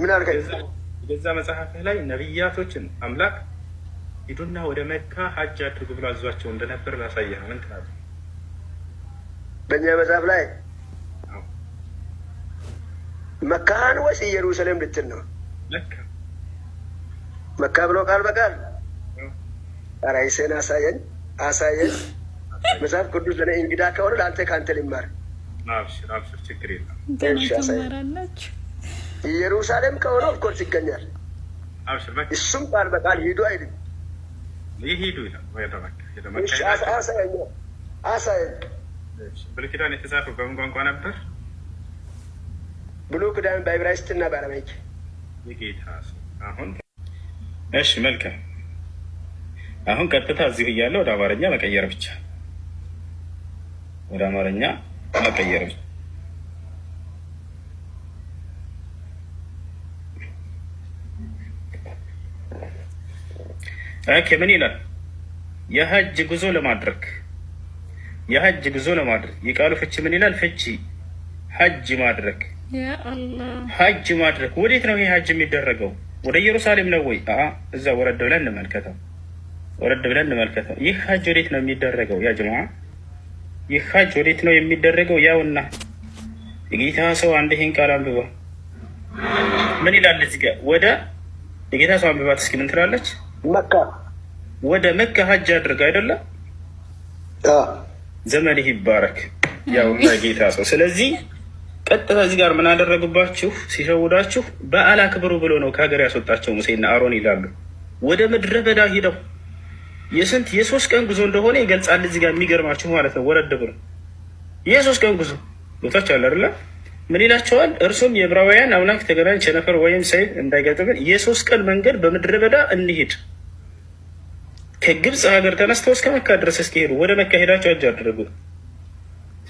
ምን አድርገህ መጽሐፍህ ላይ ነቢያቶችን አምላክ ሂዱና ወደ መካ ሀጅ አድርጉ ብሎ አዟቸው እንደነበር ላሳየህ ነው። ምን ትላለህ? በእኛ መጽሐፍ ላይ መካን ወይስ ኢየሩሳሌም ልትል ነው? መካ ብሎ ቃል በቃል ራይሴን አሳየኝ አሳየኝ መጽሐፍ ቅዱስ ለእኔ እንግዳ ከሆነ ለአንተ ከአንተ ልማር። ኢየሩሳሌም ከሆነ ኦፍኮርስ ይገኛል። እሱም ቃል በቃል ሂዱ አይልም። አሳየኝ። ብሉይ ኪዳን የተጻፈው በምን ቋንቋ ነበር? ብሉይ ኪዳን በዕብራይስጥ እና በአረማይክ። እሺ መልካም። አሁን ቀጥታ እዚሁ እያለ ወደ አማርኛ መቀየር ብቻ ወደ አማርኛ መቀየር ኦኬ ምን ይላል? የሀጅ ጉዞ ለማድረግ የሀጅ ጉዞ ለማድረግ የቃሉ ፍቺ ምን ይላል? ፍቺ ሀጅ ማድረግ ሀጅ ማድረግ። ወዴት ነው ይህ ሀጅ የሚደረገው? ወደ ኢየሩሳሌም ነው ወይ? እዛ ወረድ ብለን እንመልከተው፣ ወረድ ብለን እንመልከተው። ይህ ሀጅ ወዴት ነው የሚደረገው? ያ ጀማዓ ይህ ሀጅ ወዴት ነው የሚደረገው? ያውና የጌታ ሰው አንድ ይህን ቃል አንብባ ምን ይላል? እዚህ ጋር ወደ የጌታ ሰው አንብባት እስኪ ምን ትላለች? መካ ወደ መካ ሀጅ አድርግ አይደለም ዘመንህ ይባረክ። ያውና ጌታ ሰው ስለዚህ ቀጥታ እዚህ ጋር ምን አደረጉባችሁ? ሲሸውዳችሁ በዓል አክብሩ ብሎ ነው ከሀገር ያስወጣቸው ሙሴና አሮን ይላሉ። ወደ ምድረ በዳ ሂደው የስንት የሶስት ቀን ጉዞ እንደሆነ ይገልጻል። እዚህ ጋር የሚገርማችሁ ማለት ነው ወረድ ብሎ የሶስት ቀን ጉዞ ቦታች አለ አይደለ? ምን ይላቸዋል? እርሱም የዕብራውያን አምላክ ተገናኝ ቸነፈር ወይም ሰይፍ እንዳይገጥምን የሶስት ቀን መንገድ በምድረ በዳ እንሂድ። ከግብፅ ሀገር ተነስተው እስከ መካ ድረስ እስኪሄዱ ወደ መካ ሄዳቸው ሀጅ አደረጉ።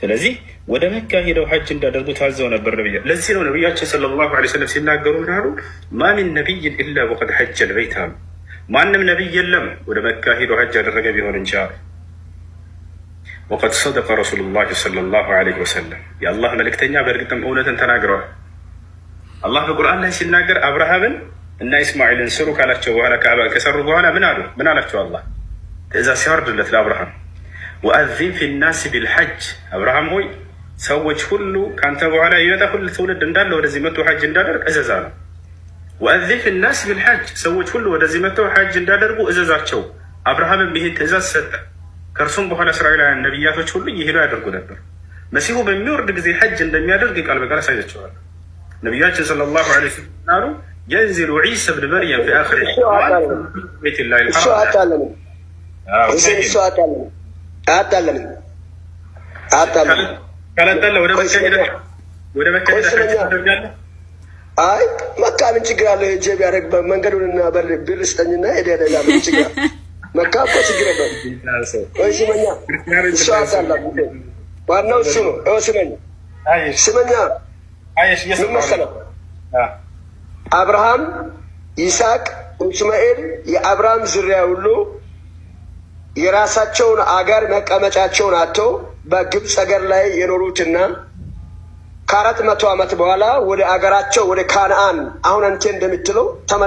ስለዚህ ወደ መካ ሄደው ሀጅ እንዳደርጉ ታዘው ነበር ነብያ። ለዚህ ነው ነቢያችን ሰለላሁ ዐለይሂ ወሰለም ሲናገሩ ምናሉ ማ ሚን ነቢይን ኢላ ወቀድ ሐጀ ልበይት አሉ ማንም ነቢይ የለም ወደ መካ ሄዶ ሀጅ ያደረገ ቢሆን እንጂ አሉ። ወቀድ ሰደቀ ረሱሉላህ ሰለላሁ ዐለይሂ ወሰለም የአላህ መልእክተኛ በእርግጥም እውነትን ተናግረዋል። አላህ በቁርአን ላይ ሲናገር አብርሃምን እና ኢስማኤልን ስሩ ካላቸው በኋላ ከአባን ከሰሩ በኋላ ምን አሉ? ምን አላቸው? አላህ ትእዛዝ ሲያወርድለት ለአብርሃም ወአዚን ፊናስ ቢልሐጅ አብርሃም ሆይ ሰዎች ሁሉ ከአንተ በኋላ ይመጣ ሁሉ ትውልድ እንዳለ ወደዚህ መቶ ሐጅ እንዳደርግ እዘዛ ነው ወአዚፍ ናስ ቢልሐጅ ሰዎች ሁሉ ወደዚህ መጥተው ሐጅ እንዳደርጉ እዘዛቸው። አብርሃምም ይሄን ትእዛዝ ሰጠ። ከእርሱም በኋላ እስራኤላውያን ነቢያቶች ሁሉ እየሄዱ ያደርጉ ነበር። መሲሁ በሚወርድ ጊዜ ሐጅ እንደሚያደርግ ቃል በቃል አሳያቸዋል። ነቢያችን ሰለላሁ ዐለይሂ ወሰለም አሉ የንዚሉ ዒሳ ብን መርየም ፊ አኺር ወደ መካ ሄደ አይ መካ ምን ችግር አለ? ሂጅ ቢያደርግ በር ብር ስጠኝና ሄደ ሌላ ምን ችግር አለ? መካ እኮ ችግር የለውም። ስመኛ እሱ አዛላ ዋናው እሱ ነው። ስመኛ ስመኛ ምን መሰለህ አብርሃም፣ ይስሐቅ፣ እስማኤል የአብርሃም ዝርያ ሁሉ የራሳቸውን አገር መቀመጫቸውን አጥተው በግብፅ ሀገር ላይ የኖሩትና ከአራት መቶ ዓመት በኋላ ወደ አገራቸው ወደ ካነአን አሁን አንቺ እንደምትለው ተመ